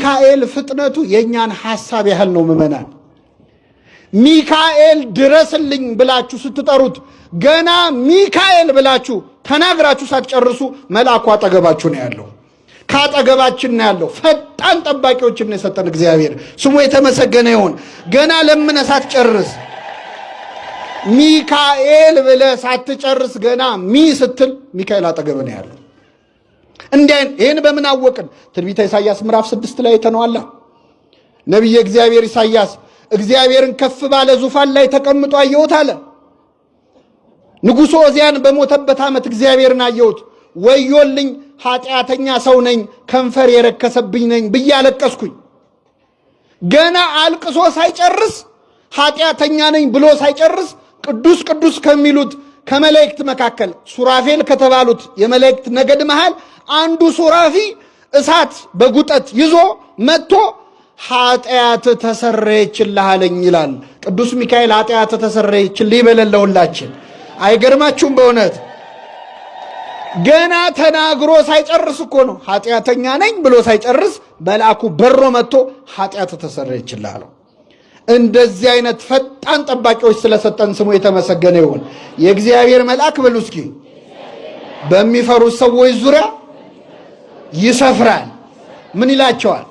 ሚካኤል ፍጥነቱ የእኛን ሐሳብ ያህል ነው። ምዕመናን ሚካኤል ድረስልኝ ብላችሁ ስትጠሩት ገና ሚካኤል ብላችሁ ተናግራችሁ ሳትጨርሱ መልአኩ አጠገባችሁ ነው ያለው። ካጠገባችን ነው ያለው። ፈጣን ጠባቂዎችን የሰጠን እግዚአብሔር ስሙ የተመሰገነ ይሁን። ገና ለምነ ሳትጨርስ ሚካኤል ብለ ሳትጨርስ ገና ሚ ስትል ሚካኤል አጠገብ ነው ያለው። እንዲህ ይህን በምን አወቅን? ትንቢተ ኢሳይያስ ምዕራፍ ስድስት ላይ ተነዋላ ነቢየ እግዚአብሔር ኢሳይያስ እግዚአብሔርን ከፍ ባለ ዙፋን ላይ ተቀምጦ አየሁት አለ። ንጉሡ ዖዝያን በሞተበት ዓመት እግዚአብሔርን አየሁት። ወዮልኝ ኃጢአተኛ ሰው ነኝ፣ ከንፈር የረከሰብኝ ነኝ ብዬ አለቀስኩኝ። ገና አልቅሶ ሳይጨርስ ኃጢአተኛ ነኝ ብሎ ሳይጨርስ ቅዱስ ቅዱስ ከሚሉት ከመላእክት መካከል ሱራፌል ከተባሉት የመላእክት ነገድ መሃል አንዱ ሱራፊ እሳት በጉጠት ይዞ መጥቶ ኃጢአት ተሰረየችልሃለኝ ይላል። ቅዱስ ሚካኤል ኃጢአት ተሰረየችልህ ይበለን አይገርማችሁም? በእውነት ገና ተናግሮ ሳይጨርስ እኮ ነው ኃጢአተኛ ነኝ ብሎ ሳይጨርስ መልአኩ በሮ መጥቶ ኃጢአት ተሰረየችልህ አለው። እንደዚህ አይነት ፈጣን ጠባቂዎች ስለሰጠን ስሙ የተመሰገነ ይሁን። የእግዚአብሔር መልአክ በሉ እስኪ። በሚፈሩት ሰዎች ዙሪያ ይሰፍራል። ምን ይላቸዋል?